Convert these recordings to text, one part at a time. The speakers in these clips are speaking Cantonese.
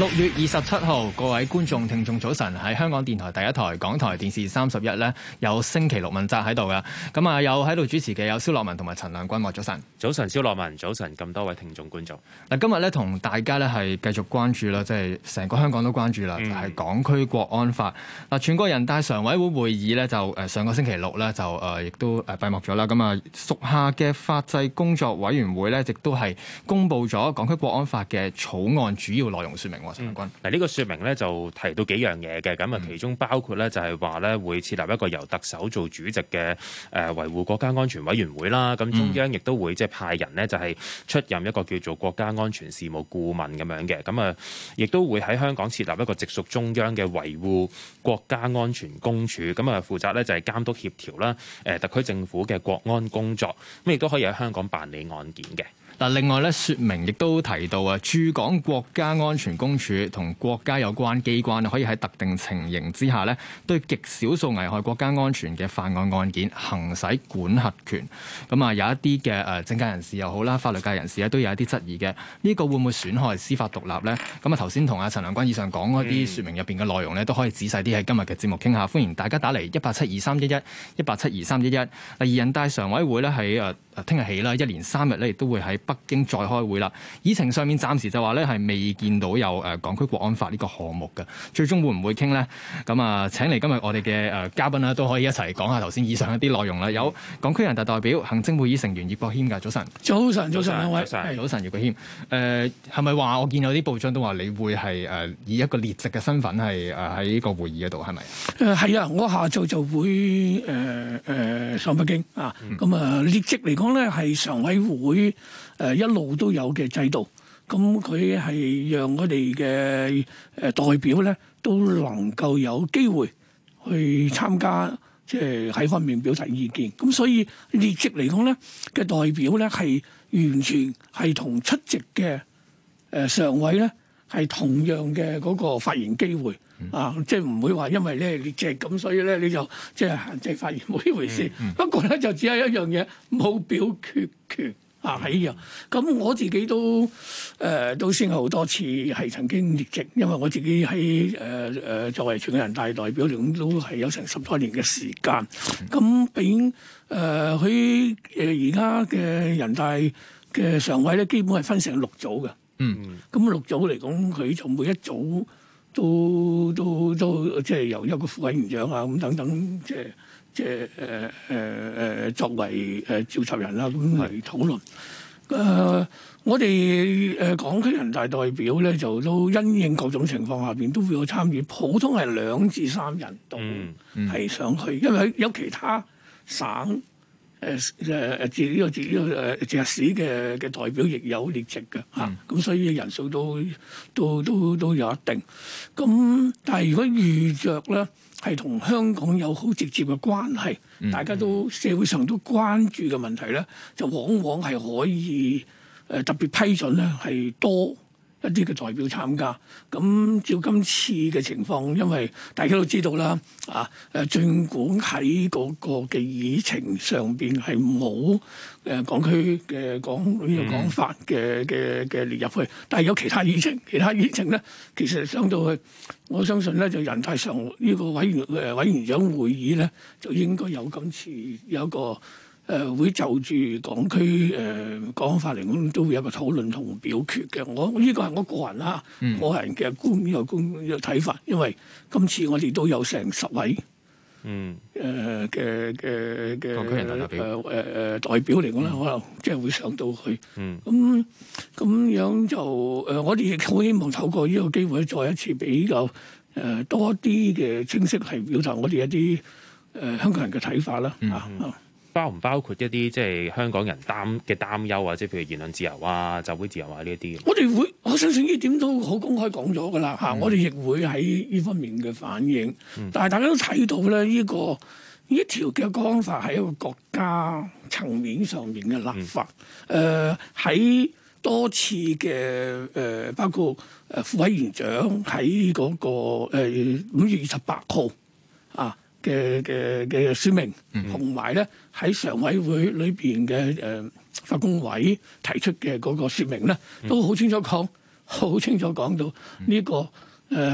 六月二十七號，各位觀眾、聽眾早晨，喺香港電台第一台、港台電視三十一咧，有星期六問責喺度㗎。咁啊，有喺度主持嘅有蕭洛汶同埋陳亮君，好早晨，早晨樂。早晨，蕭洛汶，早晨咁多位聽眾觀眾。嗱，今日咧同大家咧係繼續關注啦，即係成個香港都關注啦，係、就係、港區國安法。嗱、嗯，全國人大常委會會議咧就誒上個星期六咧就誒亦、呃、都閉幕咗啦。咁啊，屬下嘅法制工作委員會咧，亦都係公布咗港區國安法嘅草案主要內容說明。嗱，呢、嗯這個説明咧就提到幾樣嘢嘅，咁啊、嗯，其中包括咧就係話咧會設立一個由特首做主席嘅誒維護國家安全委員會啦，咁、嗯、中央亦都會即係派人呢，就係出任一個叫做國家安全事務顧問咁樣嘅，咁啊亦都會喺香港設立一個直屬中央嘅維護國家安全公署，咁啊負責咧就係監督協調啦，誒特區政府嘅國安工作，咁亦都可以喺香港辦理案件嘅。嗱，另外咧，説明亦都提到啊，駐港國家安全公署同國家有關機關可以喺特定情形之下咧，對極少數危害國家安全嘅犯案案件，行使管轄權。咁啊，有一啲嘅誒政界人士又好啦，法律界人士咧，都有一啲質疑嘅。呢個會唔會損害司法獨立呢？咁啊，頭先同啊陳良君以上講嗰啲説明入邊嘅內容咧，都可以仔細啲喺今日嘅節目傾下。歡迎大家打嚟一八七二三一一一八七二三一一。嗱，而人大常委會咧喺誒聽日起啦，一連三日咧，亦都會喺北京再開會啦，議程上面暫時就話咧係未見到有誒港區國安法呢個項目嘅，最終會唔會傾咧？咁啊，請嚟今日我哋嘅誒嘉賓啊，都可以一齊講下頭先以上一啲內容啦。有港區人大代表、行政會議成員葉國謙噶，早晨，早晨，早晨，兩位上，早晨上，葉國謙，誒係咪話我見有啲報章都話你會係誒以一個列席嘅身份係誒喺呢個會議嗰度係咪？誒係啊，我下晝就會誒誒、呃、上北京啊，咁啊列席嚟講咧係常委會。嗯誒、呃、一路都有嘅制度，咁佢係讓我哋嘅誒代表咧都能夠有機會去參加，即係喺方面表達意見，咁、嗯、所以列席嚟講咧嘅代表咧係完全係同出席嘅誒、呃、常委咧係同樣嘅嗰個發言機會啊，即係唔會話，因為咧列席咁，所以咧你就即係限制發言冇呢回事。嗯嗯、不過咧就只係一樣嘢冇表決權。啊係、mm hmm. 啊！咁、啊、我自己都誒、呃、都先後好多次，係曾經列席，因為我自己喺誒誒作為全國人大代表嚟講，都係有成十多年嘅時間。咁俾誒佢誒而家嘅人大嘅常委咧，基本係分成六組嘅。嗯、mm，咁、hmm. 六組嚟講，佢就每一組都都都，都即係由一個副委員長啊咁等等，即係。即係誒誒誒作為誒召集人啦，咁嚟討論。誒是、呃、我哋誒港區人大代表咧，就都因應各種情況下邊都會有參與。普通係兩至三人都係上去，嗯嗯、因為有其他省誒誒、呃、自呢個自呢個誒市嘅嘅代表亦有列席嘅嚇。咁、嗯啊、所以人數都都都都有一定。咁但係如果遇着咧，係同香港有好直接嘅關係，大家都社會上都關注嘅問題咧，就往往係可以誒、呃、特別批准咧，係多。一啲嘅代表參加，咁照今次嘅情況，因為大家都知道啦，啊，誒，儘管喺嗰個嘅議程上邊，係冇誒港區嘅港女嘅講法嘅嘅嘅列入去，但係有其他議程，其他議程咧，其實上到去，我相信咧就人大常委呢、這個委員誒、呃、委員長會議咧，就應該有今次有一個。誒、呃、會就住港區誒講、呃、法嚟講，都會有個討論同表決嘅。我呢個係我個人啦，個、嗯、人嘅觀嘅觀嘅睇法。因為今次我哋都有成十位嗯誒嘅嘅嘅嘅港區人大代表、誒誒誒代表嚟、呃呃、講咧，可能、嗯、即係會上到去。咁咁、嗯、樣就誒、呃，我哋亦好希望透過呢個機會再一次比較誒多啲嘅清晰係表達我哋一啲誒香港人嘅睇法啦。啊、嗯、嗯包唔包括一啲即係香港人擔嘅擔憂，啊？即係譬如言論自由啊、集會自由啊呢一啲，我哋會我相信呢點都好公開講咗噶啦吓，嗯、我哋亦會喺呢方面嘅反應，嗯、但係大家都睇到咧呢、呢個呢一條嘅講法係一個國家層面上面嘅立法。誒、嗯呃，喺多次嘅誒、呃，包括誒副委員長喺嗰、嗰個誒五、呃、月二十八號啊。嘅嘅嘅説明，同埋咧喺常委會裏邊嘅誒法工委提出嘅嗰個説明咧，都好清楚講，好清楚講到呢、呢個誒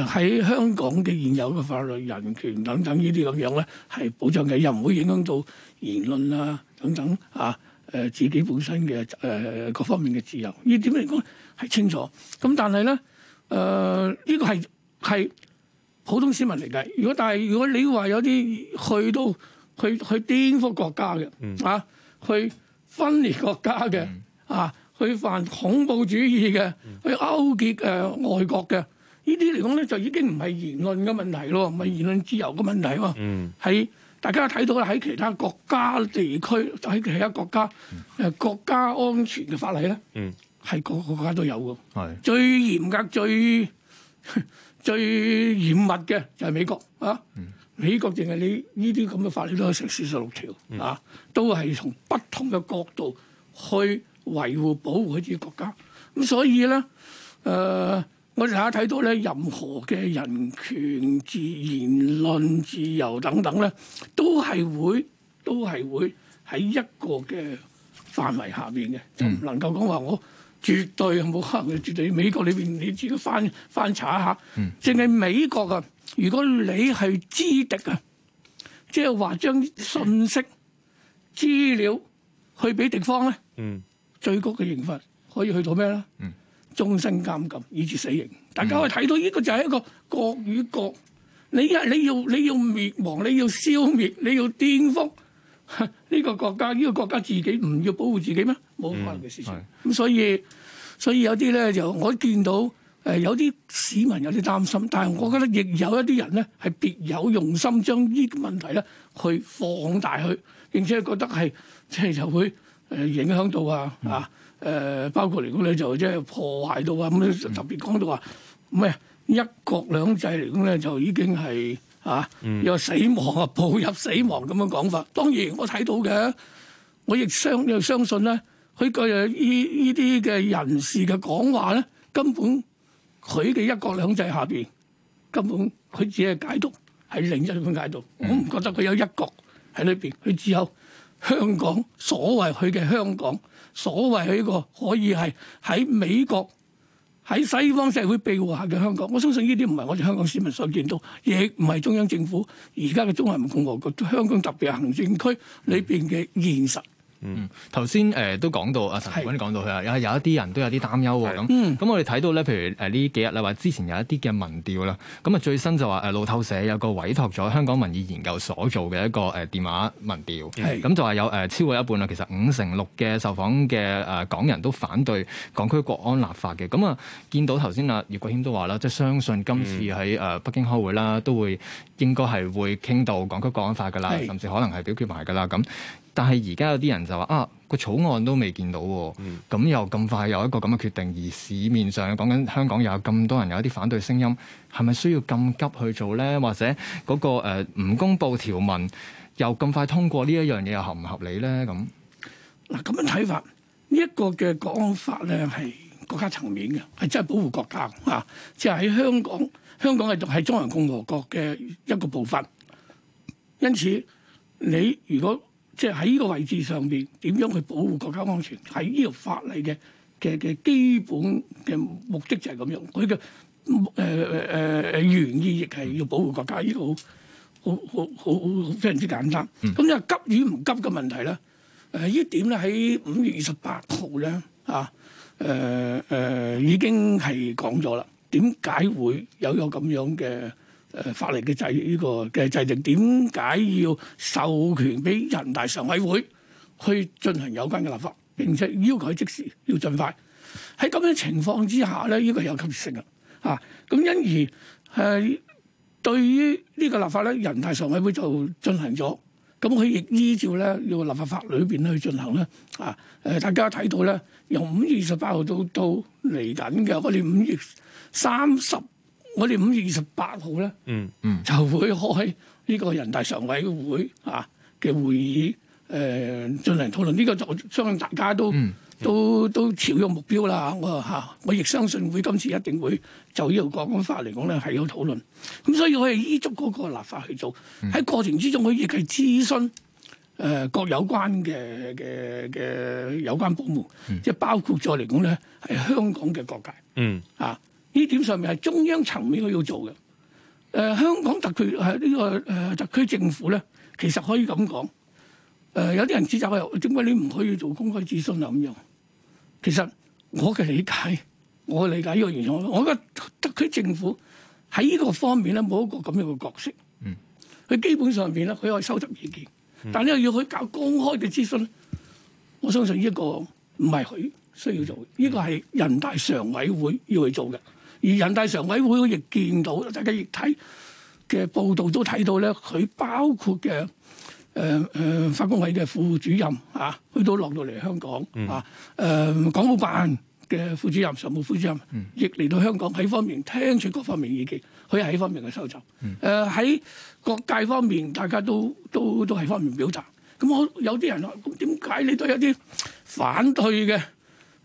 喺、呃、香港嘅現有嘅法律、人權等等呢啲咁樣咧，係保障嘅，又唔會影響到言論啊等等啊誒、呃、自己本身嘅誒、呃、各方面嘅自由。呢點嚟講係清楚。咁但係咧誒呢、呃呢個係係，普通市民嚟㗎，如果但係如果你話有啲去到去去顛覆國家嘅、嗯、啊，去分裂國家嘅啊，去犯恐怖主義嘅，嗯、去勾結誒、呃、外國嘅，呢啲嚟講咧就已經唔係言論嘅問題咯，唔係言論自由嘅問題喎。喺、嗯、大家睇到啦，喺其他國家地區，喺其他國家誒、嗯呃、國家安全嘅法例咧，係、嗯、各個國家都有嘅，是最嚴格最。最最最最最最嚴密嘅就係美國啊！嗯、美國淨係你呢啲咁嘅法律都可以成四十六條，啊，嗯、都係從不同嘅角度去維護保護佢哋國家。咁所以咧，誒、呃，我成日睇到咧，任何嘅人權、自言論自由等等咧，都係會，都係會喺一個嘅範圍下邊嘅，就唔能夠講話我。嗯絕對冇可能，絕對美國裏邊，你自己翻翻查一下，嗯、淨係美國啊！如果你係知敵啊，即係話將信息資料去俾敵方咧，嗯、最高嘅刑罰可以去到咩咧？嗯、終身監禁以至死刑。大家可以睇到呢個就係一個國與國，你係你要你要滅亡，你要消滅，你要顛覆。呢個國家，呢、這個國家自己唔要保護自己咩？冇可能嘅事情。咁、嗯嗯、所以，所以有啲咧就我見到誒、呃、有啲市民有啲擔心，但係我覺得亦有一啲人咧係別有用心，將呢啲問題咧去放大去，並且覺得係即係就會誒影響到、嗯、啊啊誒、呃，包括嚟講咧就即係破壞到啊咁，就、就、嗯嗯、特別講到話咩，一國兩制嚟講咧，就已經係。啊！又死亡啊，步入死亡咁嘅講法，當然我睇到嘅，我亦相又相信咧，佢個個依依啲嘅人士嘅講話咧，根本佢嘅一國兩制下邊根本佢只係解讀，係另一種解讀，我唔覺得佢有一國裡，喺裏邊，佢只有香港所謂佢嘅香港，所謂呢個可以係喺美國。喺西方社會庇護下嘅香港，我相信呢啲唔係我哋香港市民所見到，亦唔係中央政府，而家嘅中華人民共和國香港特別行政區裏邊嘅現實。嗯，頭先誒都講到啊，陳宇軒講到佢啊是，有有一啲人都有啲擔憂喎，咁咁的我哋睇到咧，譬如誒呢、呃、幾日啦，或之前有一啲嘅民調啦，咁啊最新就話誒路透社有個委託咗香港民意研究所做嘅一個誒電話民調，咁的、嗯嗯、就話、是、有誒、呃、超過一半啊，其實五成六嘅受訪嘅誒港人都反對港區國安立法嘅，咁啊見到頭先啊葉國謙都話啦，即係相信今次喺誒、呃、北京開會啦，都會應該係會傾到港區國安法㗎啦，甚至可能係表決埋㗎啦咁。啊啊啊但係而家有啲人就話啊，個草案都未見到，咁、嗯、又咁快有一個咁嘅決定，而市面上講緊香港又有咁多人有一啲反對聲音，係咪需要咁急去做咧？或者嗰、那個唔、呃、公佈條文又咁快通過呢一樣嘢又合唔合理咧？咁，嗱咁樣睇法，這個、法呢一個嘅國安法咧係國家層面嘅，係真係保護國家啊！即係喺香港，香港係係中華人民共和國嘅一個部分，因此你如果即係喺呢個位置上邊點樣去保護國家安全，喺呢條法例嘅嘅嘅基本嘅目的就係咁樣，佢嘅誒誒誒原意亦係要保護國家，呢個好好好好好非常之簡單。咁、嗯、就急與唔急嘅問題啦。誒、呃、呢點咧喺五月二十八號咧啊誒誒、呃呃、已經係講咗啦，點解會有個咁樣嘅？誒、呃、法例嘅制呢、這個嘅制定點解要授權俾人大常委會去進行有關嘅立法，並且要求即時要盡快喺咁樣情況之下咧，呢、這個有急切性啊！啊，咁因而誒、呃、對於呢個立法咧，人大常委會就進行咗，咁佢亦依照咧《要、這個、立法法》裏邊去進行咧啊！誒、呃，大家睇到咧，由五月二十八號到到嚟緊嘅，我哋五月三十。我哋五月二十八號咧，嗯嗯，就會開呢個人大常委會啊嘅會議，誒、呃，進行討論呢個，我相信大家都、嗯嗯、都都朝一個目標啦我嚇、啊，我亦相信會今次一定會就呢條國安法嚟講咧係有討論，咁所以我係依足嗰個立法去做，喺、嗯、過程之中我亦係諮詢誒各有關嘅嘅嘅有關部門，嗯、即係包括再嚟講咧係香港嘅各界，嗯啊。呢點上面係中央層面佢要做嘅。誒、呃、香港特區係呢個誒、呃、特區政府咧，其實可以咁講。誒、呃、有啲人指責我，點解你唔可以做公開諮詢啊？咁樣其實我嘅理解，我嘅理解呢個原因，我覺得特區政府喺呢個方面咧冇一個咁樣嘅角色。佢、嗯、基本上邊咧，佢可以收集意見，但呢你要佢搞公開嘅諮詢，我相信呢個唔係佢需要做嘅，呢、這個係人大常委會要去做嘅。而人大常委會亦見到，大家亦睇嘅報道都睇到咧，佢包括嘅誒誒法工委嘅副主任啊，去到落到嚟香港、嗯、啊，誒、呃、港澳辦嘅副主任、常務副主任亦嚟、嗯、到香港喺方面聽取各方面意見，佢喺方面嘅收集。誒喺、嗯呃、各界方面，大家都都都喺方面表達。咁我有啲人咁點解你對一啲反對嘅，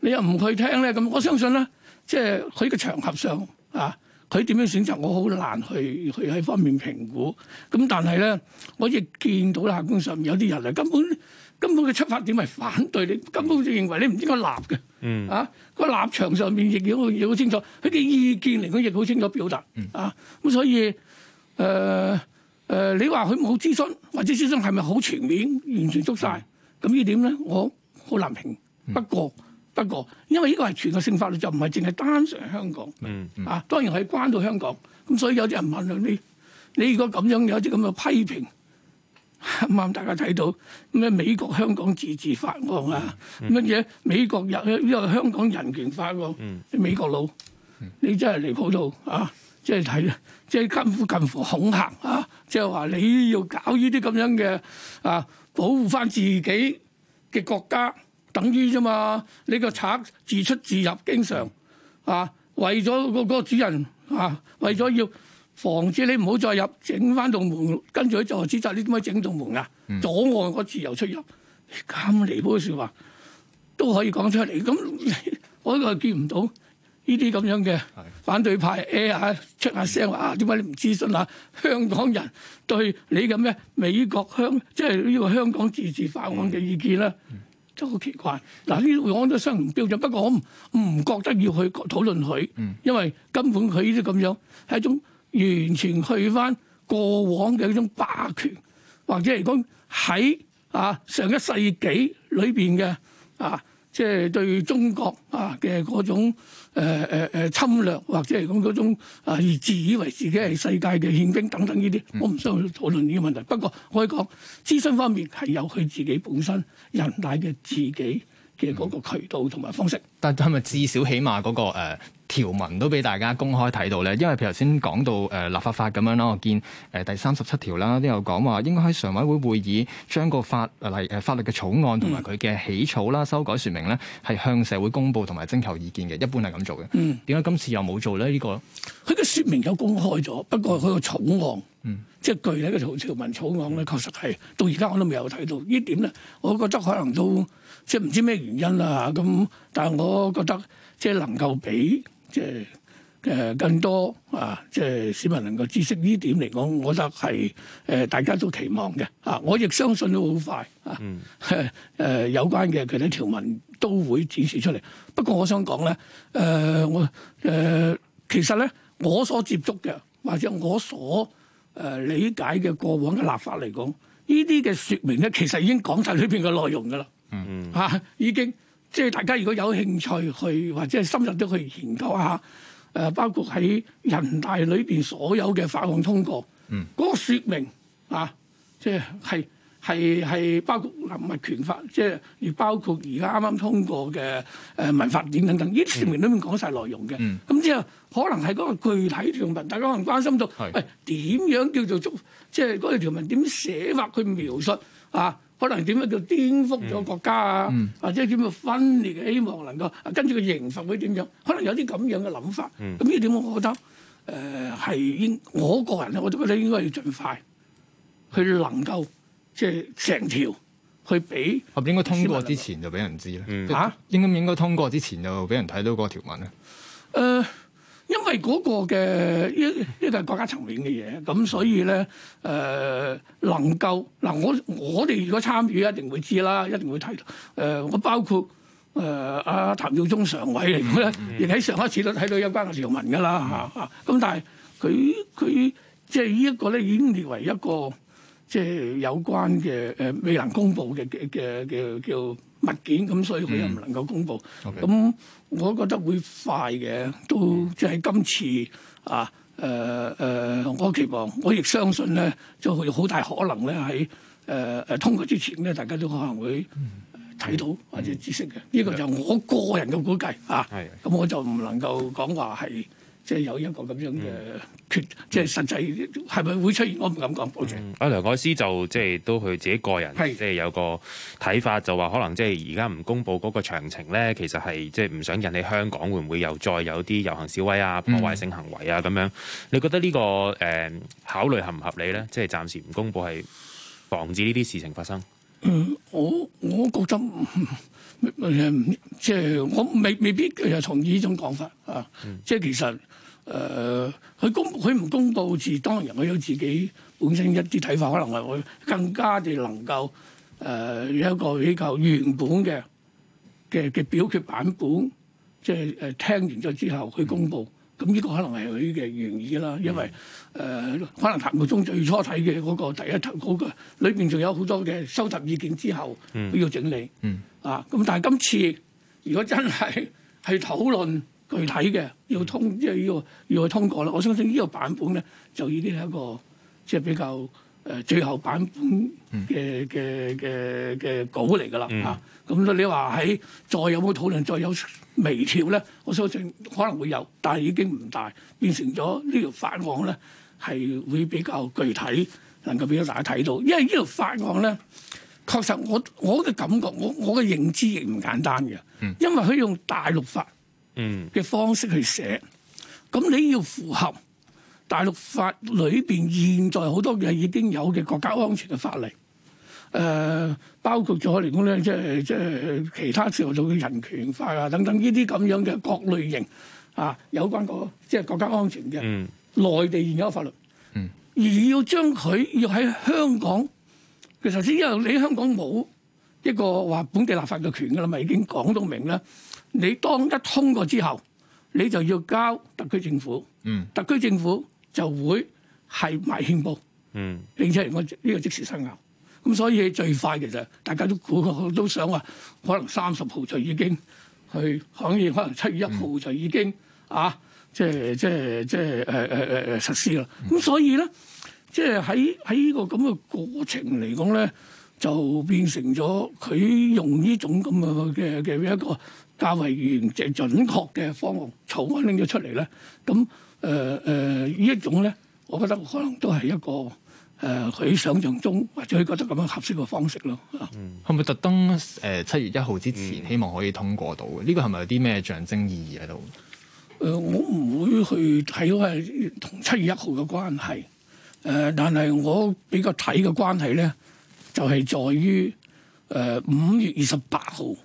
你又唔去聽咧？咁我相信啦。即係佢呢個場合上啊，佢點樣選擇，我好難去去喺方面評估。咁但係咧，我亦見到啦，客觀上面有啲人啊，根本根本嘅出發點係反對你，根本就認為你唔應該立嘅。啊，個立場上面亦好亦好清楚，佢嘅意見嚟講亦好清楚表達。啊，咁所以誒誒、呃呃，你話佢冇諮詢或者諮詢係咪好全面、完全捉晒，咁呢點咧，我好難評。不過。嗯不過，因為呢個係全國性法律，就唔係淨係單純係香港。嗯嗯、啊，當然可以關到香港。咁所以有啲人問你：你如果咁樣有啲咁嘅批評，啱啱大家睇到咩美國香港自治法案啊，乜嘢、嗯嗯、美國人呢個香港人權法案，啊、美國佬，你真係離譜到啊！即係睇啊，即係近乎近乎恐嚇啊！即係話你要搞呢啲咁樣嘅啊，保護翻自己嘅國家。等於啫嘛，你個賊自出自入，經常啊，為咗個嗰個主人啊，為咗要防止你唔好再入，整翻棟門，跟住佢就指責，你點解整棟門啊？阻礙我自由出入，咁離譜嘅説話都可以講出嚟，咁我都係見唔到呢啲咁樣嘅反對派 A 下出下聲話啊，點解、啊、你唔諮詢下、啊、香港人對你嘅咩美國香即係呢個香港自治法案嘅意見咧？的都好奇怪，嗱呢講都相同標準。不過我唔覺得要去討論佢，因為根本佢呢啲咁樣，係一種完全去翻過往嘅一種霸權，或者係講喺啊上一世紀裏邊嘅啊。即係對中國啊嘅嗰種誒誒誒侵略，或者係講嗰種啊而、呃、自以為自己係世界嘅憲兵等等呢啲，我唔想去討論呢個問題，不過我可以講諮詢方面係有佢自己本身人大嘅自己。嘅嗰、嗯、個渠道同埋方式，但係咪至少起碼嗰、嗰個誒、呃、條文都俾大家公開睇到咧？因為譬如頭先講到誒、呃、立法法咁樣啦，我見誒、呃、第三十七條啦，都有講話應該喺常委會會議將個法例、呃、法律嘅草案同埋佢嘅起草啦、嗯、修改説明咧，係向社會公布同埋徵求意見嘅，一般係咁做嘅。點解、嗯、今次又冇做咧？呢、呢個佢嘅説明有公開咗，不過佢個草案，嗯、即係具體嘅草條文草案咧，確實係到而家我都未有睇到呢點咧。我覺得可能都。即係唔知咩原因啦、啊、咁，但係我覺得即係能夠俾即係誒、呃、更多啊，即係市民能夠知識呢點嚟講，我覺得係誒、呃、大家都期望嘅嚇、啊。我亦相信都好快嚇誒、啊啊、有關嘅其他條文都會展示出嚟。不過我想講咧誒我誒其實咧我所接觸嘅或者我所誒理解嘅過往嘅立法嚟講，呢啲嘅說明咧其實已經講晒裏邊嘅內容㗎啦。嗯嗯，嚇、啊、已經即係大家如果有興趣去或者深入啲去研究下，誒、呃、包括喺人大裏邊所有嘅法案通過，嗯，嗰個説明啊，即係係係包括林物權法，即係亦包括而家啱啱通過嘅誒民法典等等，呢啲説明裡面講晒內容嘅，咁之後可能係嗰個具體條文，大家可能關心到喂點是、哎、樣叫做即係嗰條文點寫法去描述啊？可能點樣叫顛覆咗國家啊？嗯、或者點樣分裂？嘅希望能夠跟住個刑罰會點樣？可能有啲咁樣嘅諗法。咁呢點我覺得誒係、呃、應我個人咧，我都覺得應該要盡快去能夠、嗯、即係成條去俾。應該通過之前就俾人知咧嚇？嗯啊、應該唔應該通過之前就俾人睇到嗰條文咧？誒、呃。因為嗰個嘅一一個國家層面嘅嘢，咁所以咧，誒、呃、能夠嗱、呃，我我哋如果參與一，一定會知啦，一定會睇。誒，我包括誒阿、呃啊、譚耀宗常委嚟嘅咧，亦喺 上一次都睇到有關嘅條文㗎啦嚇。咁但係佢佢即係呢一個咧，已經列為一個即係、就是、有關嘅誒、呃、未能公佈嘅嘅嘅嘅。物件咁，所以佢又唔能夠公布。咁 Okay. 我覺得會快嘅，都即係今次啊，誒、呃、誒、呃，我期望，我亦相信咧，就會有好大可能咧喺誒誒通過之前咧，大家都可能會睇到或者知識嘅。呢、這個就我個人嘅估計啊，咁我就唔能夠講話係。即係有一個咁樣嘅決，即係實際係咪會出現？嗯、我唔敢講保證。阿梁、嗯、愛詩就即係、就是、都佢自己個人，即係是有個睇法，就話可能即係而家唔公佈嗰個詳情咧，其實係即係唔想引起香港會唔會又再有啲遊行示威啊、破壞性行為啊咁、嗯、樣。你覺得呢、這個誒、嗯、考慮合唔合理咧？即、就、係、是、暫時唔公佈係防止呢啲事情發生。嗯，我我覺得。誒，即係我未未必誒同意呢種講法啊！嗯、即係其實誒，佢、呃、公佢唔公佈自當然，佢有自己本身一啲睇法，可能係會更加地能夠誒、呃、一個比較原本嘅嘅嘅表決版本，即係誒聽完咗之後去公佈，咁呢、嗯、個可能係佢嘅原意啦，因為。嗯誒、呃、可能談過中最初睇嘅嗰第一頭嗰、那個，裏邊仲有好多嘅收集意見之後，要整理。Mm. 啊，咁但係今次如果真係去討論具體嘅，要通即係、mm. 要要，要通過啦。我相信呢個版本咧，就已經係一個即係、就是、比較。誒，最後版本嘅嘅嘅嘅稿嚟㗎啦嚇，咁、嗯啊、你話喺再有冇討論，再有微調咧？我相信可能會有，但係已經唔大，變成咗呢條法案咧係會比較具體，能夠俾到大家睇到。因為呢條法案咧，確實我我嘅感覺，我我嘅認知亦唔簡單嘅，因為佢用大陸法嘅方式去寫，咁、嗯、你要符合。大陸法裏邊現在好多嘅已經有嘅國家安全嘅法例，誒、呃、包括咗嚟講咧，即係即係其他朝做嘅人權法啊等等呢啲咁樣嘅各類型啊，有關個即係國家安全嘅、嗯、內地現有法律，嗯、而要將佢要喺香港，其實先因為你香港冇一個話本地立法嘅權㗎啦嘛，已經講到明啦。你當一通過之後，你就要交特區政府，嗯、特區政府。就會係刊憲報，嗯，並且嚟講呢個即時生效，咁所以最快其實大家都估我都想話，可能三十號就已經去可以，可能七月一號就已經、嗯、啊，即係即係即係誒誒誒誒實施啦。咁所以咧，即係喺喺呢個咁嘅、這個、過程嚟講咧，就變成咗佢用呢種咁嘅嘅嘅一個較為完整準確嘅方案草案拎咗出嚟咧，咁。誒誒呢一種咧，我覺得可能都係一個誒佢、呃、想象中或者佢覺得咁樣合適嘅方式咯。嗯，係咪特登誒七月一號之前希望可以通過到嘅？呢個係咪有啲咩象徵意義喺度？誒、呃，我唔會去睇到係同七月一號嘅關係。誒、呃，但係我比較睇嘅關係咧，就係、是、在於誒五、呃、月二十八號。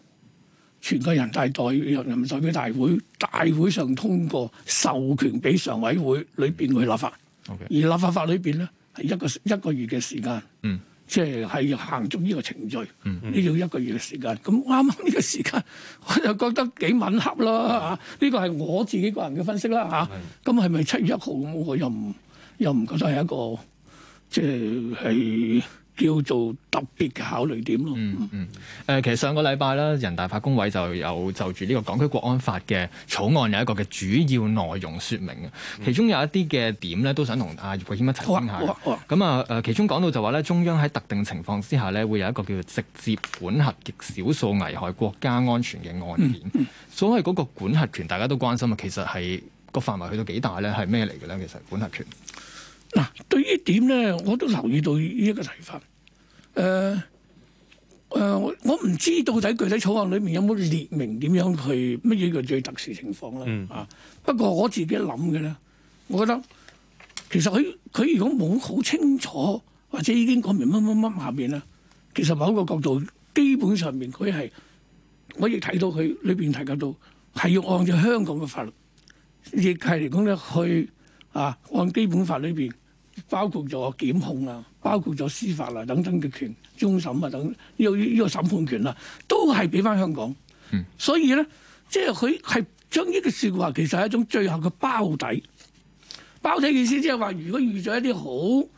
全國人大代人民代表大會大會上通過授權俾常委會裏邊去立法，Okay. 而立法法裏邊咧係一個一個月嘅時間，嗯、mm，hmm. 即係喺行足呢個程序，呢要、mm hmm. 一個月嘅時間，咁啱啱呢個時間，我就覺得幾吻合啦嚇，呢、mm hmm. 啊這個係我自己個人嘅分析啦嚇，咁係咪七月一號我又唔又唔覺得係一個即係係，叫做特別嘅考慮點咯、嗯。嗯嗯。誒，其實上個禮拜啦，人大法工委就有就住呢個港區國安法嘅草案有一個嘅主要內容説明嘅。嗯、其中有一啲嘅點咧，都想同阿葉國謙一齊傾下。咁啊誒，其中講到就話咧，中央喺特定情況之下咧，會有一個叫做直接管轄極少數危害國家安全嘅案件。嗯嗯、所謂嗰個管轄權，大家都關心啊。其實係個範圍去到幾大咧？係咩嚟嘅咧？其實管轄權。嗱、啊，對於點咧，我都留意到呢一個提法。誒、呃、誒、呃，我我唔知到底具體草案裏面有冇列明點樣去乜嘢一個最特殊情況咧。嗯、啊，不過我自己諗嘅咧，我覺得其實佢佢如果冇好清楚，或者已經講明乜乜乜下面咧，其實某個角度基本上面佢係我亦睇到佢裏邊提及到係要按照香港嘅法律，亦係嚟講咧去啊按基本法裏邊。包括咗檢控啦、啊，包括咗司法啦、啊、等等嘅權，終審啊等呢個呢個審判權啦、啊，都係俾翻香港。嗯、所以咧，即係佢係將呢個説話其實係一種最後嘅包底。包底意思即係話，如果遇咗一啲好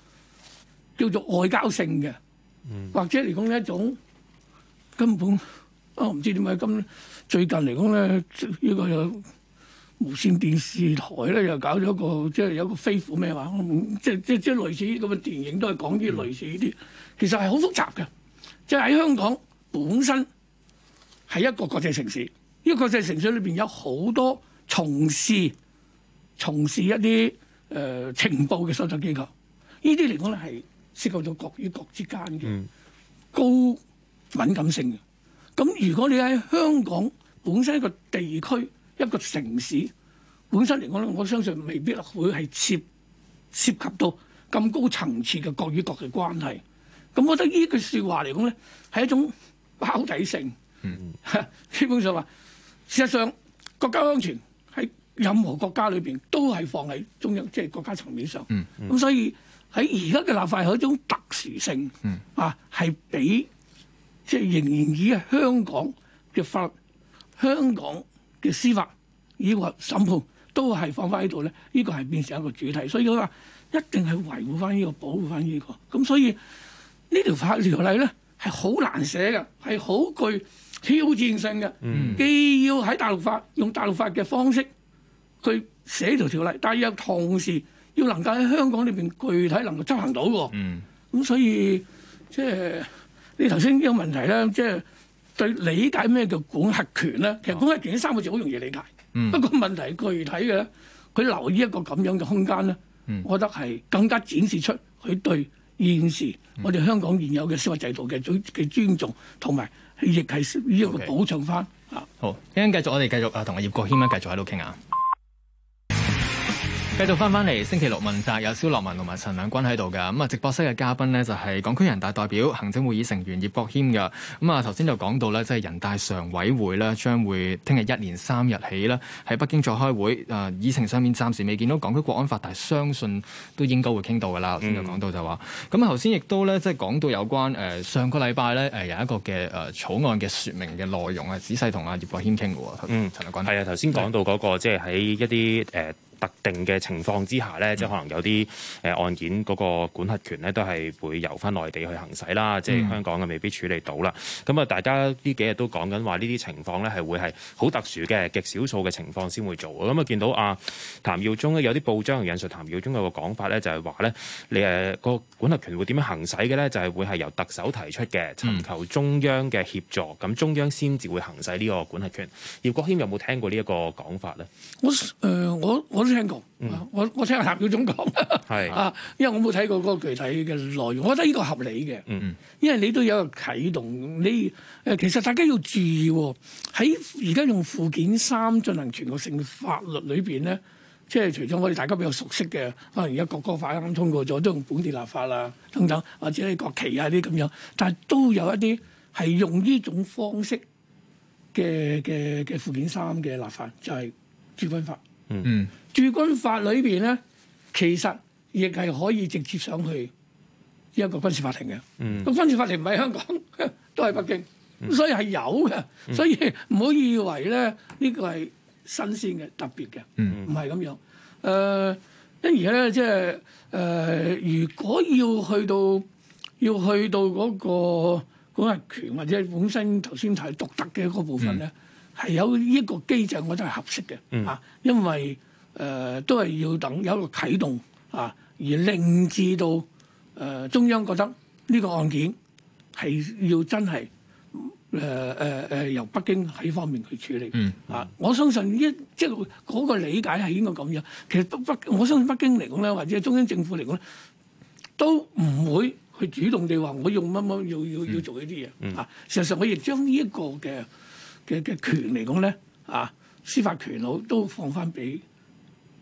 叫做外交性嘅，嗯、或者嚟講一種根本啊，唔、哦、知點解今最近嚟講咧，呢個有。無線電視台咧又搞咗個即係有個飛虎咩話，即係即係即係類似咁嘅電影，都係講啲類似呢啲，其實係好複雜嘅。即係喺香港本身係一個國際城市，呢個國際城市裏邊有好多從事從事一啲誒、呃、情報嘅收集機構，呢啲嚟講咧係涉及到國與國之間嘅高敏感性嘅。咁如果你喺香港本身一個地區，一個城市本身嚟講咧，我相信未必會係涉涉及到咁高層次嘅國與國嘅關係。咁我覺得句說呢句説話嚟講咧，係一種包底性。嗯，基本上話，事實上國家安全喺任何國家裏邊都係放喺中央，即係國家層面上。嗯嗯。咁所以喺而家嘅立法係一種特殊性。嗯。啊，係比即係仍然以香港嘅法律，香港。嘅司法、依法審判都係放翻喺度咧，呢、這個係變成一個主題，所以佢話一定係維護翻呢個保護翻呢個，咁、這個、所以、這個、呢條法條例咧係好難寫嘅，係好具挑戰性嘅。嗯、既要喺大陸法用大陸法嘅方式去寫條條例，但係又同時要能夠喺香港裏邊具體能夠執行到喎。咁、嗯、所以即係你頭先呢個問題咧，即係。對理解咩叫管轄權咧，其實管轄權呢三個字好容易理解。嗯、不過問題具體嘅咧，佢留依一個咁樣嘅空間咧，嗯、我覺得係更加展示出佢對現時我哋香港現有嘅司法制度嘅尊嘅尊重，同埋亦係依一個保障翻。Okay. 啊、好，一陣間繼續，我哋繼續啊，同葉國謙咧繼續喺度傾下。繼續返返嚟星期六問責，有蕭樂文同埋陳亮君喺度嘅。咁啊，直播室嘅嘉賓呢，就係、是、港區人大代表、行政會議成員葉國謙嘅。咁、嗯、啊，頭、嗯、先就講到咧，即係人大常委會咧將會聽日一連三日起咧喺北京再開會。啊，議程上面暫時未見到港區國安法，但係相信都應該會傾到㗎啦。頭先就講到就話，咁啊、嗯，頭先亦都咧即係講到有關誒、呃、上個禮拜咧誒有一個嘅誒、呃、草案嘅説明嘅內容啊，仔細同啊葉國謙傾嘅喎。嗯，陳亮君。係啊、嗯，頭先講到嗰、那個即係喺一啲誒。呃特定嘅情況之下呢，即係可能有啲誒案件嗰個管轄權呢，都係會由翻內地去行使啦，即係香港嘅未必處理到啦。咁啊，大家呢幾日都講緊話呢啲情況呢，係會係好特殊嘅極少數嘅情況先會做。咁啊，見到啊，譚耀宗呢，有啲報章引述譚耀宗有個講法呢，就係話呢：「你誒個管轄權會點樣行使嘅呢？就係、是、會係由特首提出嘅，尋求中央嘅協助，咁中央先至會行使呢個管轄權。葉國謙有冇聽過呢一個講法呢？我誒我我。呃我我聽過，嗯、我我聽阿譚耀宗講，啊 是，因為我冇睇過嗰個具體嘅內容，我覺得呢個合理嘅，嗯、因為你都有一個啟動，你誒、呃，其實大家要注意喎、哦，喺而家用附件三進行全國性法律裏邊咧，即係除咗我哋大家比較熟悉嘅，可能而家國歌法啱啱通過咗都用本地立法啦等等，或者係國旗啊啲咁樣，但係都有一啲係用呢種方式嘅嘅嘅附件三嘅立法，就係駐軍法。嗯，駐軍法裏邊咧，其實亦係可以直接上去一個軍事法庭嘅。嗯，咁軍事法庭唔係香港， 都係北京，嗯、所以係有嘅。嗯、所以唔好以為咧呢、呢個係新鮮嘅、特別嘅，唔係咁樣。誒、呃，因而咧即係誒、呃，如果要去到要去到嗰、嗰個管轄權或者本身頭先提獨特嘅嗰部分咧。嗯係有呢個機制，我覺得係合適嘅嚇、嗯啊，因為誒、呃、都係要等有一個啟動嚇、啊，而令至到誒、呃、中央覺得呢個案件係要真係誒誒誒由北京喺方面去處理嚇、啊嗯嗯啊。我相信呢即係嗰、那個理解係應該咁樣。其實北我相信北京嚟講咧，或者中央政府嚟講咧，都唔會去主動地話我用乜乜要什麼什麼要要，要，要做呢啲嘢嚇。事、啊、實上我亦將呢一個嘅。嗯嗯嗯嗯嗯嘅嘅權嚟講咧，啊，司法權佬都放翻俾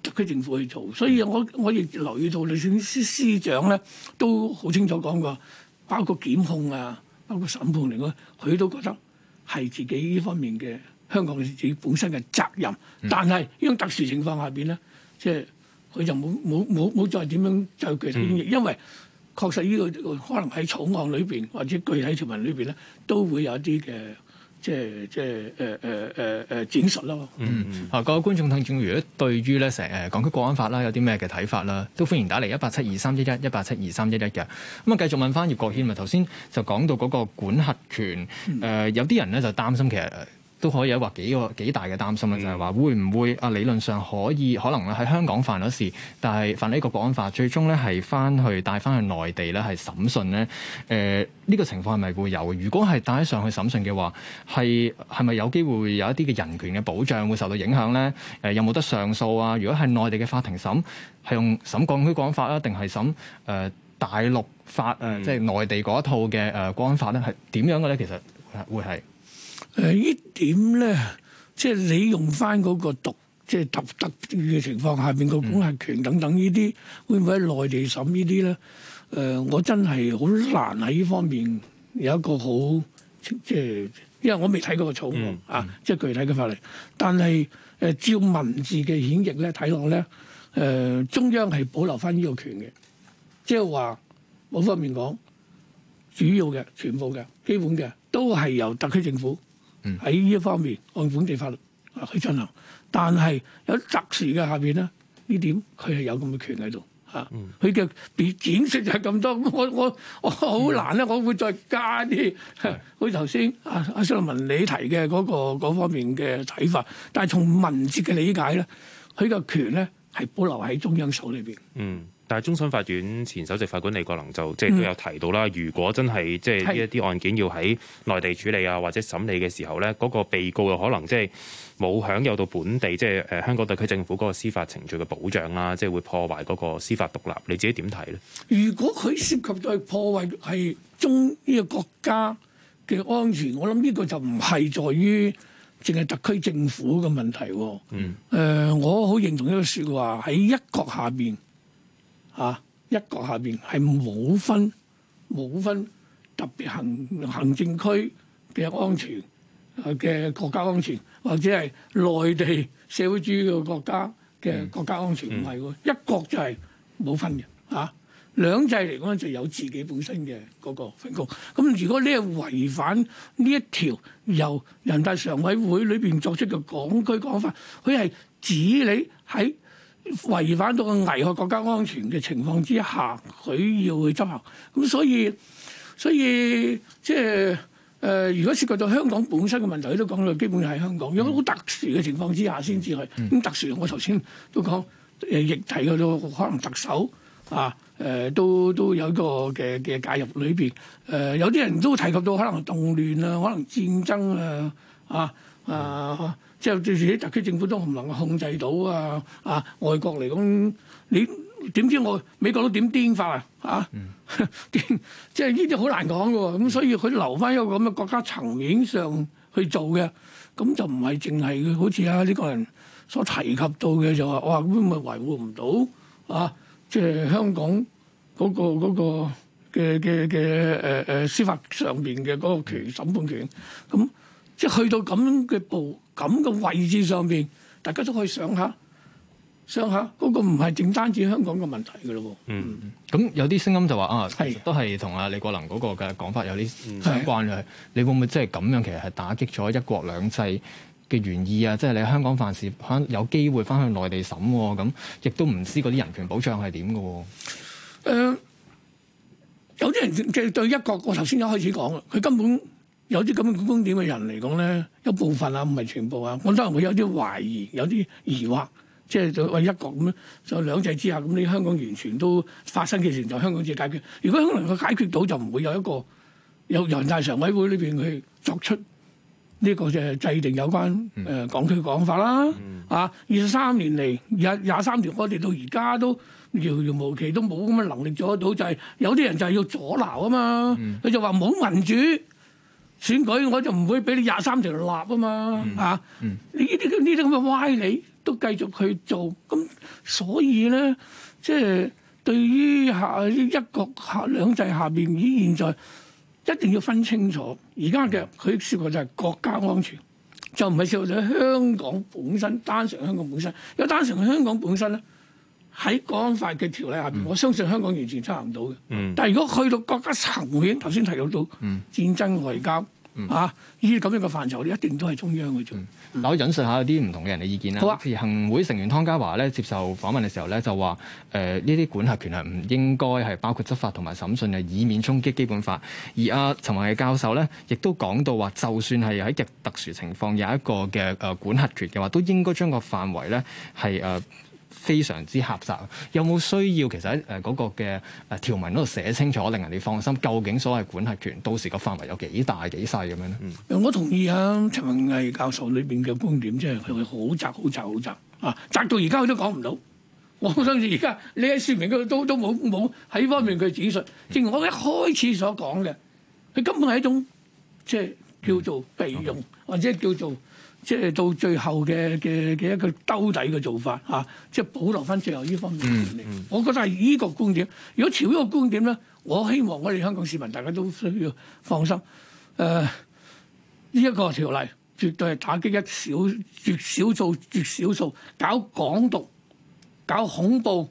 特區政府去做，所以我我亦留意到律政司司長咧都好清楚講過，包括檢控啊，包括審判嚟講，佢都覺得係自己呢方面嘅香港自己本身嘅責任。嗯、但係呢種特殊情況下邊咧，即係佢就冇冇冇冇再點樣就具體形容，因為確實呢、呢個可能喺草案裏邊或者具體條文裏邊咧，都會有一啲嘅。即係即係誒誒誒誒展述咯，嗯，啊各位觀眾聽眾，如果對於咧成誒港區國安法啦，有啲咩嘅睇法啦，都歡迎打嚟一八七二三一一一八七二三一一嘅。咁、嗯、啊，嗯、繼續問翻葉國謙啊，頭先就講到嗰個管轄權，誒、呃、有啲人咧就擔心其實。都可以有話幾個幾大嘅擔心咧，就係、是、話會唔會啊？理論上可以可能喺香港犯咗事，但係犯呢個國安法，最終咧係翻去帶翻去內地咧係審訊咧。誒、呃、呢、這個情況係咪會有？如果係帶上去審訊嘅話，係係咪有機會有一啲嘅人權嘅保障會受到影響咧？誒、呃、有冇得上訴啊？如果係內地嘅法庭審，係用審港區國安法啊，定係審誒、呃、大陸法誒，嗯、即係內地嗰一套嘅誒、呃、國安法咧，係點樣嘅咧？其實會係。會誒、呃、呢點咧，即係你用翻嗰個獨，即係特特嘅情況下邊個管轄權等等呢啲，會唔會喺內地審呢啲咧？誒、呃，我真係好難喺呢方面有一個好即係，因為我未睇過個草案、嗯嗯、啊，即係具體嘅法例。但係誒、呃、照文字嘅演繹咧，睇落咧，誒、呃、中央係保留翻呢個權嘅，即係話某方面講，主要嘅、全部嘅、基本嘅都係由特區政府。喺呢一方面按本地法律去進行，但係有特殊嘅下邊咧，呢點佢係有咁嘅權喺度嚇。佢嘅解釋就係咁多，我我我好難咧，我會再加啲。我頭先阿阿蘇文你提嘅嗰、嗰個嗰方面嘅睇法，但係從文字嘅理解咧，佢嘅權咧係保留喺中央手裏邊。嗯。但係，終審法院前首席法官李國能就即係佢有提到啦。嗯、如果真係即係呢一啲案件要喺內地處理啊，或者審理嘅時候咧，嗰、那個被告又可能即係冇享有到本地即係誒、呃、香港特區政府嗰個司法程序嘅保障啦，即係會破壞嗰個司法獨立。你自己點睇咧？如果佢涉及到係破壞係中呢個國家嘅安全，我諗呢個就唔係在於淨係特區政府嘅問題。嗯。誒、呃，我好認同呢個説話喺一國下邊。啊！一國下邊係冇分冇分，分特別行行政區嘅安全嘅、呃、國家安全，或者係內地社會主義嘅國家嘅國家安全，唔係喎，一國就係冇分嘅嚇、啊。兩制嚟講就有自己本身嘅嗰個分工。咁如果你係違反呢一條由人大常委會裏邊作出嘅港區國安法，佢係指你喺。違反到危害國家安全嘅情況之下，佢要去執行。咁所以，所以即係誒、呃，如果涉及到香港本身嘅問題，都講到基本係香港。有好特殊嘅情況之下先至去，咁、嗯、特殊，我頭先都講誒，亦提過到可能特首啊，誒、呃、都都有個嘅嘅介入裏邊。誒、呃、有啲人都提及到可能動亂啊，可能戰爭啊，啊啊。嗯即係自己特區政府都唔能夠控制到啊！啊，外國嚟講，你點知我美國都點顛法啊？嚇、啊！Mm. 即係呢啲好難講嘅喎，咁、嗯 mm. 所以佢留翻一個咁嘅國家層面上去做嘅，咁就唔係淨係好似啊呢個人所提及到嘅，就話哇會唔會維護唔到啊！即、就、係、是、香港嗰、那個嗰、那個嘅嘅嘅誒誒司法上面嘅嗰個權審判權咁。嗯。即係去到咁嘅步、咁嘅位置上邊，大家都可以想下，想下嗰、嗰個唔係淨單止香港嘅問題嘅咯。嗯，咁、嗯、有啲聲音就話，啊，其的實都係同阿李國能嗰個嘅講法有啲相關嘅。的你會唔會即係咁樣其實係打擊咗一國兩制嘅原意啊！即、就、係、是、你香港犯事，可能有機會翻去內地審，咁亦都唔知嗰啲人權保障係點嘅。誒、呃，有啲人即對一國，我頭先一開始講，啦，佢根本。有啲咁嘅觀點嘅人嚟講咧，一部分啊，唔係全部啊，我都會有啲懷疑，有啲疑惑，即係做一國咁，就兩制之下咁，你香港完全都發生嘅事就香港自己解決。如果香港人佢解決到，就唔會有一個由人大常委會裏邊去作出呢個就係制定有關誒、呃、港區國安法啦。嗯、啊，二十三年嚟廿廿三條，我哋到而家都遙遙無期都冇咁嘅能力做得到，就係、是、有啲人就係要阻撓啊嘛。佢、嗯、就話冇民主。選舉我就唔會俾你廿三條立嘛、嗯、啊嘛嚇！你呢啲咁呢啲咁嘅歪理都繼續去做咁，所以咧，即係對於下一國下兩制下面，而現在一定要分清楚，而家嘅佢説過就係國家安全，就唔係説話香港本身單純香港本身，有單純香港本身咧喺國安法嘅條例下邊，嗯、我相信香港完全差唔到嘅。嗯、但係如果去到國家層面，頭先提到到戰爭外交。嚇！依啲咁樣嘅範疇你一定都係中央嘅啫。嗱、嗯，嗯、我引述一下啲唔同嘅人嘅意見啦。好啊、行會成員湯家驊咧接受訪問嘅時候咧，就話：誒呢啲管轄權係唔應該係包括執法同埋審訊嘅，以免衝擊基本法。而阿、啊、陳文敏教授咧，亦都講到話，就算係喺極特殊情況有一個嘅誒管轄權嘅話，都應該將個範圍咧係誒。呃非常之狹窄，有冇需要其實喺誒嗰個嘅誒條文嗰度寫清楚，令人哋放心，究竟所謂管轄權，到時個範圍有幾大幾細咁樣咧？我同意啊，陳文義教授裏邊嘅觀點，就是，即係佢好窄、好窄、好窄啊，窄到而家佢都講唔到。我相信而家你喺説明佢都都冇冇喺方面嘅指述。正如我一開始所講嘅，佢根本係一種即係叫做備用、嗯、或者叫做。即係到最後嘅嘅嘅一個兜底嘅做法嚇、啊，即係保留翻自由呢方面嘅權利。嗯嗯、我覺得係呢個觀點。如果朝呢個觀點咧，我希望我哋香港市民大家都需要放心。誒、呃，呢、這、一個條例絕對係打擊一小絕少數絕少數,少數搞港獨、搞恐怖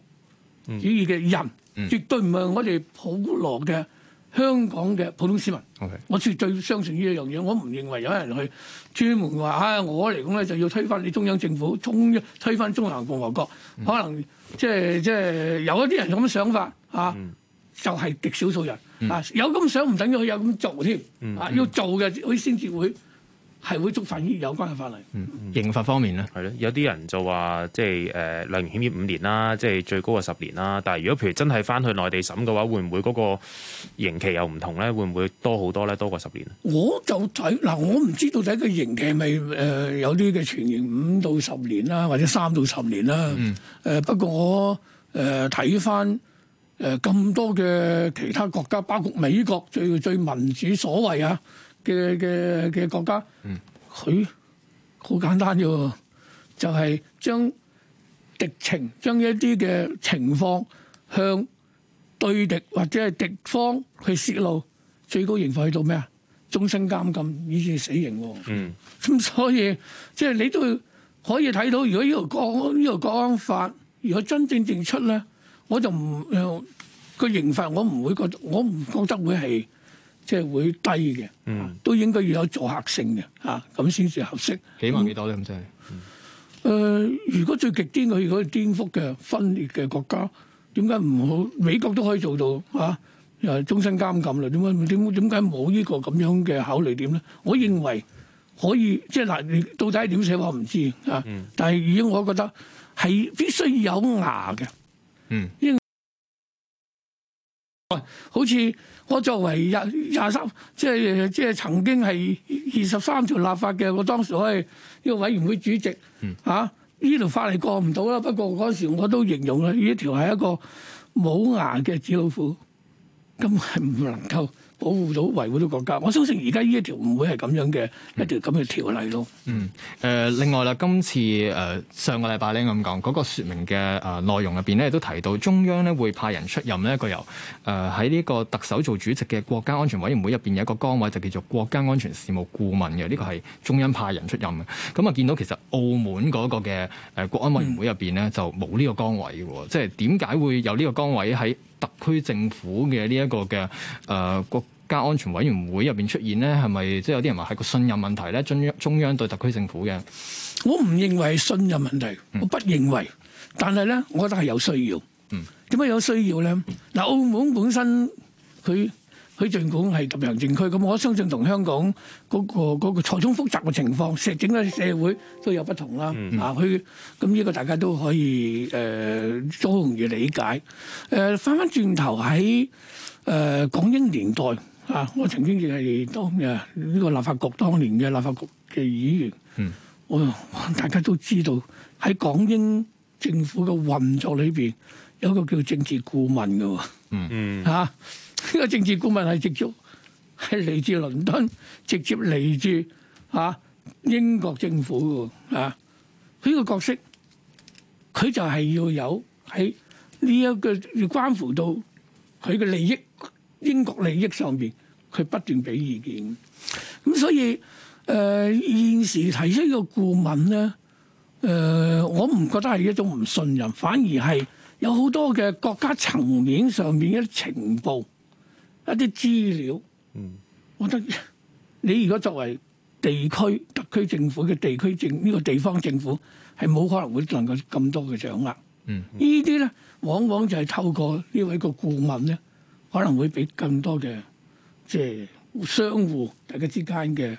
主義嘅人，嗯嗯、絕對唔係我哋普羅嘅。香港嘅普通市民，Okay. 我最最相信呢一樣嘢，我唔認為有人去專門話啊、哎，我嚟講咧就要推翻你中央政府，推翻中華共和國，嗯、可能即係即係有一啲人咁嘅想法啊，嗯、就係極少數人、嗯、啊，有咁想唔等於佢有咁做添啊，要做嘅佢先至會。嗯係會觸犯於有關嘅法例，刑法方面咧，係、嗯、咧，有啲人就話即係誒、呃、量刑、懲五年啦，即係最高啊十年啦。但係如果譬如真係翻去內地審嘅話，會唔會嗰個刑期又唔同咧？會唔會多好多咧？多過十年？我就睇嗱，我唔知道睇個刑期係咪誒有啲嘅全刑五到十年啦，或者三到十年啦。誒、嗯呃、不過我誒睇翻誒咁多嘅其他國家，包括美國最最民主所謂啊！嘅嘅嘅國家，佢好、嗯、簡單嘅喎，就係、是、將敵情將一啲嘅情況向對敵或者係敵方去泄露，最高刑罰去到咩啊？終身監禁以至死刑喎。嗯，咁、嗯、所以即係、就是、你都可以睇到，如果呢個國安呢個國安法如果真正定出咧，我就唔、呃那個刑罰我唔會覺得我唔覺得會係。即係會低嘅，嗯、都應該要有阻嚇性嘅嚇，咁先至合適。幾萬幾多咧咁即係？誒、嗯呃，如果最極端嘅，如果顛覆嘅、分裂嘅國家，點解唔好美國都可以做到啊？又係終身監禁啦？點解點點解冇呢個咁樣嘅考慮點咧？我認為可以，即係嗱，到底點寫我唔知啊。嗯、但係，依我覺得係必須有牙嘅。因為嗯，好似。我作為廿廿三，即係即係曾經係二十三條立法嘅，我當時可以，呢個委員會主席，嚇、啊、呢條法例過唔到啦。不過嗰時我都形容啦，呢條係一個冇牙嘅紙老虎，根本唔能夠。保護到維護到國家，我相信而家呢一條唔會係咁樣嘅，嗯、一條咁嘅條例咯。嗯，誒、呃、另外啦，今次誒、呃、上個禮拜咧咁講，嗰、那個説明嘅誒、呃、內容入邊咧都提到中央咧會派人出任呢一個由誒喺呢個特首做主席嘅國家安全委員會入邊有一個崗位就叫做國家安全事務顧問嘅，呢、這個係中央派人出任嘅。咁啊，見到其實澳門嗰個嘅誒國安委員會入邊咧就冇呢個崗位喎，即係點解會有呢個崗位喺？特區政府嘅呢一個嘅誒、呃、國家安全委員會入邊出現咧，係咪即係有啲人話係個信任問題咧？中央中央對特區政府嘅，我唔認為係信任問題，嗯、我不認為，但係咧，我覺得係有需要。點解、嗯、有需要咧？嗱，嗯、澳門本身佢。佢儘管係特別行政區，咁我相信同香港嗰、嗰個嗰、嗰個錯綜複雜嘅情況，石整體社會都有不同啦。嗯嗯、啊，佢咁呢個大家都可以誒都容易理解。誒、呃，翻翻轉頭喺誒、呃、港英年代啊，我曾經亦係當誒呢、呢個立法局當年嘅立法局嘅議員。嗯，我大家都知道喺港英政府嘅運作裏邊，有一個叫政治顧問嘅喎、啊嗯。嗯嗯嚇。嗯呢個政治顧問係直接係嚟自倫敦，直接嚟住啊英國政府嘅啊呢個角色，佢就係要有喺呢一個要關乎到佢嘅利益，英國利益上邊，佢不斷俾意見。咁所以誒、呃、現時提出顧問呢個顧問咧，誒、呃、我唔覺得係一種唔信任，反而係有好多嘅國家層面上面一啲情報。一啲資料，嗯，我覺得你如果作為地區特區政府嘅地區政呢、呢個地方政府，係冇可能會能夠咁多嘅掌握，嗯，嗯呢啲咧往往就係透過呢位個顧問咧，可能會俾更多嘅即係相互大家之間嘅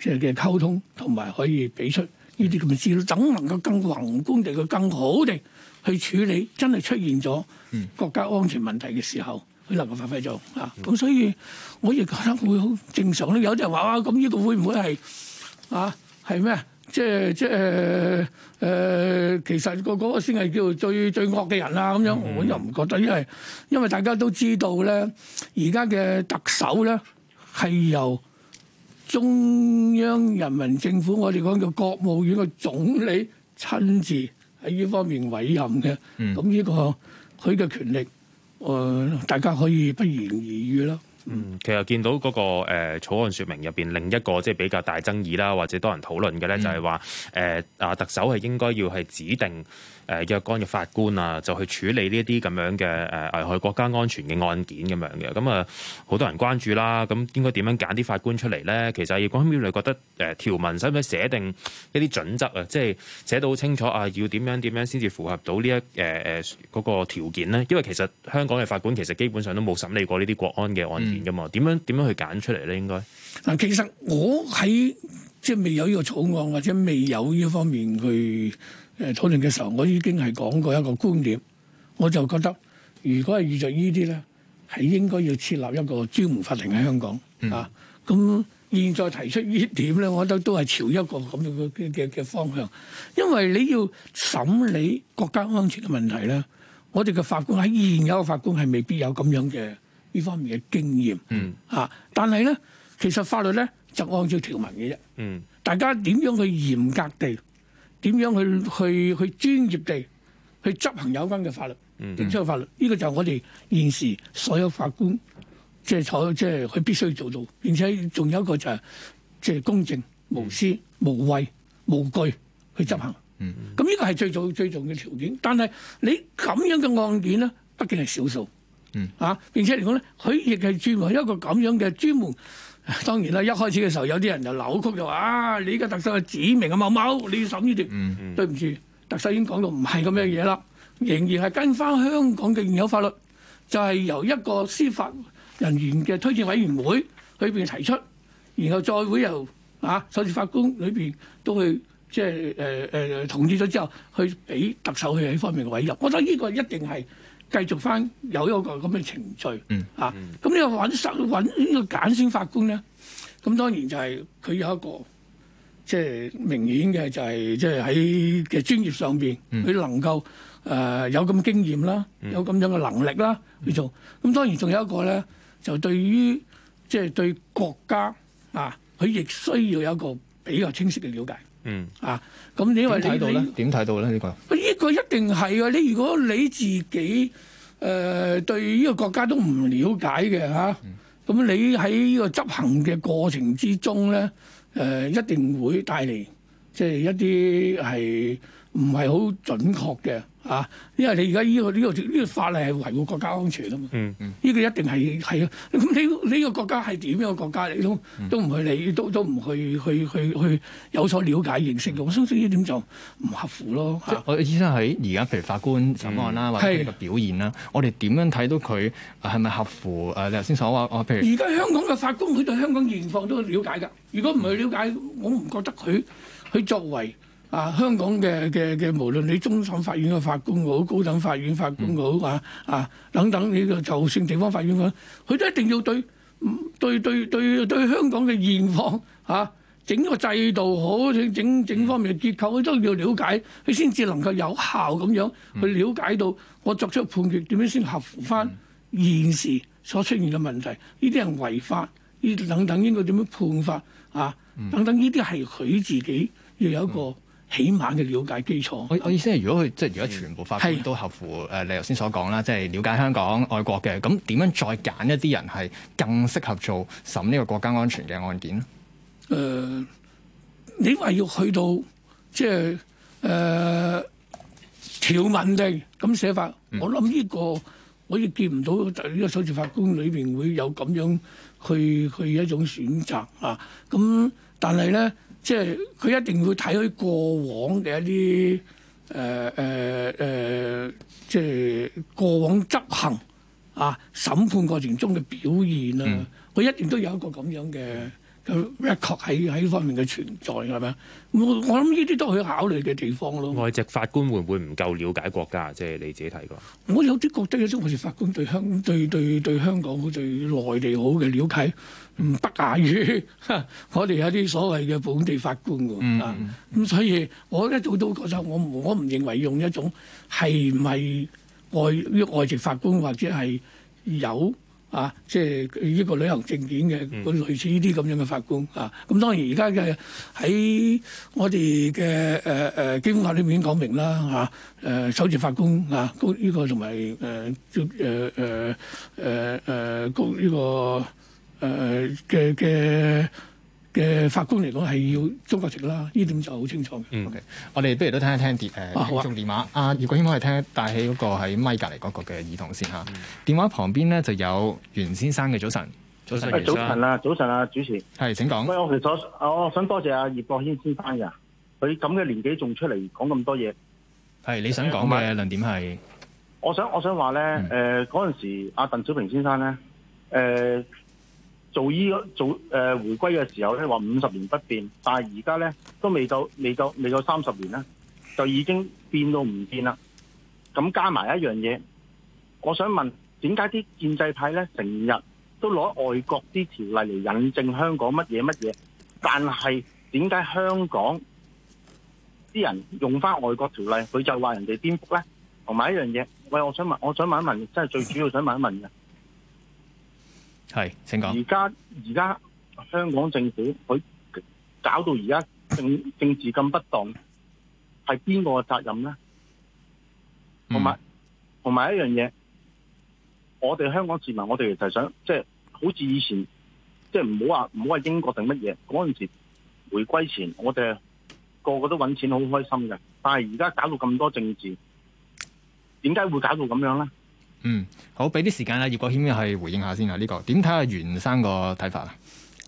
即係嘅溝通，同埋可以俾出呢啲咁嘅資料，嗯、等能夠更宏觀地、嘅更好地去處理真係出現咗國家安全問題嘅時候。嗯佢能夠發揮咗嚇，咁、啊、所以我亦覺得會好正常咧。有啲人話啊，咁呢個會唔會係啊？係咩？即係即係誒？其實個嗰個先係叫做最最惡嘅人啦。咁、啊、樣我又唔覺得，因為因為大家都知道咧，而家嘅特首咧係由中央人民政府，我哋講叫國務院嘅總理親自喺呢方面委任嘅。咁、啊、呢、嗯呢個佢嘅權力。誒、呃，大家可以不言而喻咯。嗯，嗯，其實見到嗰、嗰個、呃、草案說明入邊，另一個即係比較大爭議啦，或者多人討論嘅咧，就係話誒啊，特首係應該要係指定。誒若干嘅法官啊，就去處理呢一啲咁樣嘅誒危害國家安全嘅案件咁樣嘅，咁啊好多人關注啦。咁、嗯、應該點樣揀啲法官出嚟咧？其實，葉國謙你覺得誒、呃、條文使唔使寫定一啲準則啊？即係寫到好清楚啊，要點樣點樣先至符合到呢一誒誒嗰個條件咧？因為其實香港嘅法官其實基本上都冇審理過呢啲國安嘅案件噶嘛，點、嗯、樣點樣去揀出嚟咧？應該嗱，其實我喺即係未有呢個草案或者未有呢方面去。誒討論嘅時候，我已經係講過一個觀點，我就覺得如果係遇著呢啲咧，係應該要設立一個專門法庭喺香港、嗯、啊。咁現在提出呢點咧，我覺得都係朝一個咁樣嘅嘅嘅方向，因為你要審理國家安全嘅問題咧，我哋嘅法官喺現有嘅法官係未必有咁樣嘅呢方面嘅經驗、嗯、啊。但係咧，其實法律咧就按照條文嘅啫，嗯、大家點樣去嚴格地，點樣去去去專業地去執行有關嘅法律，正確嘅法律？呢、這個就係我哋現時所有法官即係坐，即係佢必須做到。而且仲有一個就係即係公正、mm hmm. 無私、無畏、無懼去執行。咁呢、mm hmm. 個係最重最重要嘅條件。但係你咁樣嘅案件呢，畢竟係少數。Hmm. 啊，並且嚟講咧，佢亦係專門一個咁樣嘅專門。當然啦，一開始嘅時候有啲人就扭曲就話：啊，你個特首係指明啊某某，你要審呢條。嗯嗯、對唔住，特首已經講到唔係咁樣嘢啦，仍然係跟翻香港嘅現有法律，就係、是、由一個司法人員嘅推薦委員會裏邊提出，然後再會由啊首席法官裏邊都去即係誒誒同意咗之後，去俾特首去喺方面嘅委任。我覺得呢個一定係。繼續翻有一個咁嘅程序，嗯嗯、啊，咁呢個揾揾呢個揀選法官咧，咁當然就係佢有一個即係、就是、明顯嘅就係即係喺嘅專業上邊，佢、嗯、能夠誒、呃、有咁經驗啦，有咁樣嘅能力啦去做。咁當然仲有一個咧，就對於即係、就是、對國家啊，佢亦需要有一個比較清晰嘅了解。嗯啊，咁呢位睇到咧？點睇到咧？呢個呢個一定係啊。你如果你自己誒、呃、對呢個國家都唔了解嘅嚇，咁、啊、你喺呢個執行嘅過程之中咧，誒、呃、一定會帶嚟即係一啲係唔係好準確嘅。啊！因為你而家呢個呢個呢個法例係維護國家安全啊嘛，嗯嗯、呢個一定係係咯。咁你呢個國家係點樣嘅國家你都、嗯、都唔去理，都都唔去去去去有所了解認識，我相信呢點就唔合乎咯。我嘅意思係而家，譬如法官審案啦，或者佢嘅表現啦，我哋點樣睇到佢係咪合乎？你頭先所話，譬如而家香港嘅法官，佢對香港現況都了解㗎。如果唔去了解，嗯、我唔覺得佢佢作為。啊！香港嘅嘅嘅，無論你終審法院嘅法官好，高等法院法官好啊、嗯、啊，等等，你個就算地方法院咁，佢都一定要對對對對對香港嘅現況嚇、啊、整個制度好，整整方面嘅結構，佢都要了解，佢先至能夠有效咁樣去了解到我作出判決點樣先合乎翻現時所出現嘅問題。呢啲、嗯、人違法，呢等等應該點樣判法啊？等等呢啲係佢自己要有一個。起碼嘅了解基礎。我我意思係，如果佢即係如果全部法官都合乎誒是、呃、你頭先所講啦，即係了解香港、愛國嘅，咁點樣再揀一啲人係更適合做審呢個國家安全嘅案件誒、呃，你話要去到即係誒條文定咁寫法，嗯、我諗呢、這個我亦見唔到呢個首席法官裏邊會有咁樣去去一種選擇啊。咁但係咧。即係佢一定會睇佢過往嘅一啲誒誒誒，即係過往執行啊，審判過程中嘅表現啊，佢、嗯、一定都有一個咁樣嘅 record 喺喺呢方面嘅存在，係咪？我我諗呢啲都係考慮嘅地方咯。外籍法官會唔會唔夠了解國家？即係你自己睇過。我有啲覺得有咧，好似法官對香對對對,對香港好、對內地好嘅了解。唔不亞於我哋有啲所謂嘅本地法官㗎、嗯、啊！咁所以，我一早都覺得我我唔認為用一種係唔係外於外籍法官或者係有啊，即係呢個旅行證件嘅個、嗯、類似呢啲咁樣嘅法官啊。咁當然而家嘅喺我哋嘅誒誒基本法裏面講明啦嚇，誒首席法官啊，呢個同埋誒誒誒誒高呢個。誒嘅嘅嘅法官嚟講係要中國籍啦，呢點就好清楚嘅。嗯、o、okay. k 我哋不如都聽一聽跌誒呢種電話。阿、啊啊啊、葉國謙可以聽，帶起嗰個喺咪隔離嗰個嘅耳筒先嚇。電話旁邊咧就有袁先生嘅早晨，早晨早晨啊，早晨啊，主持。係請講。餵！我其實我，我想多謝阿葉國謙先生嘅，佢咁嘅年紀仲出嚟講咁多嘢。係你想講嘅論點係、呃？我想我想話咧，誒嗰陣時阿鄧小平先生咧，誒、嗯。嗯做依、這個做誒、呃、回歸嘅時候咧，話五十年不變，但係而家咧都未夠未夠未夠三十年咧，就已經變到唔變啦。咁加埋一樣嘢，我想問點解啲建制派咧成日都攞外國啲條例嚟引證香港乜嘢乜嘢？但係點解香港啲人用返外國條例，佢就話人哋顛覆咧？同埋一樣嘢，喂，我想問，我想問一問，真係最主要想問一問嘅。係，請講。而家而家香港政府佢搞到而家政政治咁不當，係邊個責任咧？同埋同埋一樣嘢，我哋香港市民，我哋就係想，即係好似以前，即係唔好話唔好話英國定乜嘢嗰陣時，回歸前，我哋個個都揾錢好開心嘅。但係而家搞到咁多政治，點解會搞到咁樣咧？嗯，好，俾啲時間啊，葉國謙係回應下、這個、看看先啊，呢個點睇下袁生個睇法啊？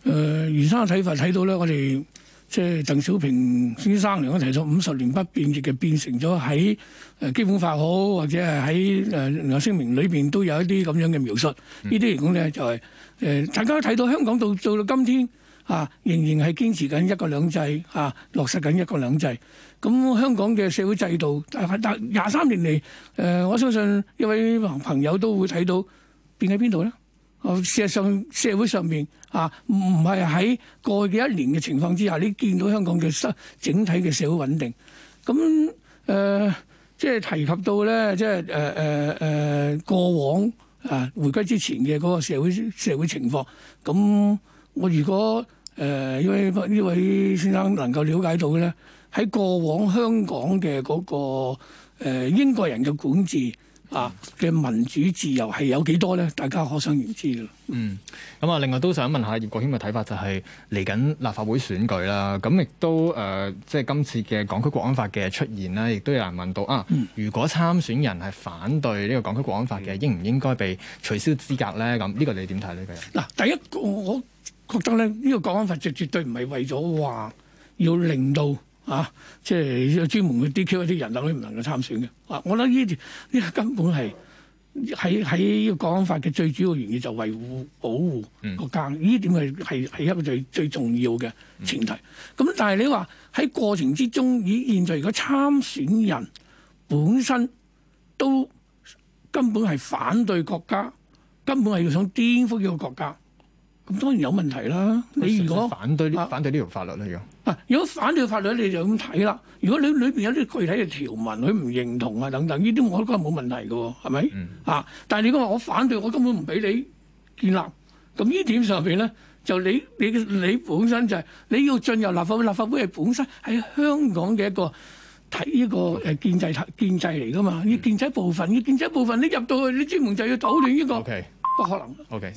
誒，袁生嘅睇法睇到咧，我哋即係鄧小平先生嚟講提出五十年不變，亦嘅變成咗喺誒基本法好，或者係喺誒聯合聲明裏邊都有一啲咁樣嘅描述。呢啲嚟講咧就係、是、誒、呃，大家都睇到香港到到到今天啊，仍然係堅持緊一國兩制啊，落實緊一國兩制。咁香港嘅社會制度，但係但廿三年嚟，誒、呃、我相信一位朋友都會睇到變喺邊度咧？啊，實際上社會上面，啊，唔係喺過去嘅一年嘅情況之下，你見到香港嘅整體嘅社會穩定。咁誒、呃，即係提及到咧，即係誒誒誒過往啊，回歸之前嘅嗰個社會社會情況。咁我如果誒，呢位呢位先生能夠了解到咧。喺過往香港嘅嗰個，誒，英國人嘅管治啊嘅民主自由係有幾多咧？大家可想而知嘅。嗯，咁啊，另外都想問下葉國謙嘅睇法，就係嚟緊立法會選舉啦。咁亦都誒、呃，即係今次嘅港區國安法嘅出現啦，亦都有人問到啊，如果參選人係反對呢個港區國安法嘅，應唔應該被取消資格咧？咁呢個你點睇咧？嗱，第一個，我覺得咧，呢個國安法就絕對唔係為咗話要令到。啊！即係專門去 DQ 一啲人，等佢唔能夠參選嘅。啊！我諗呢條呢根本係喺喺呢個講法嘅最主要原因，就維護保護國家。呢點係係係一個最最重要嘅前提。咁、嗯、但係你話喺過程之中，而現，現在如果參選人本身都根本係反對國家，根本係要想顛覆呢個國家，咁當然有問題啦。嗯、你如果是是反對反對呢條法律咧，又、啊？如果反對法律，你就咁睇啦。如果你裏邊有啲具體嘅條文，佢唔認同啊，等等呢啲我都覺得冇問題㗎，係咪？嗯、啊！但係你講我反對，我根本唔俾你建立。咁呢點上邊咧，就你你你本身就係、是、你要進入立法會，立法會係本身喺香港嘅一個睇呢個誒建制建制嚟㗎嘛。啲、嗯、建制部分，啲建制部分你入到去，去，你專門就要搗亂呢個，okay，不可能。Okay, okay.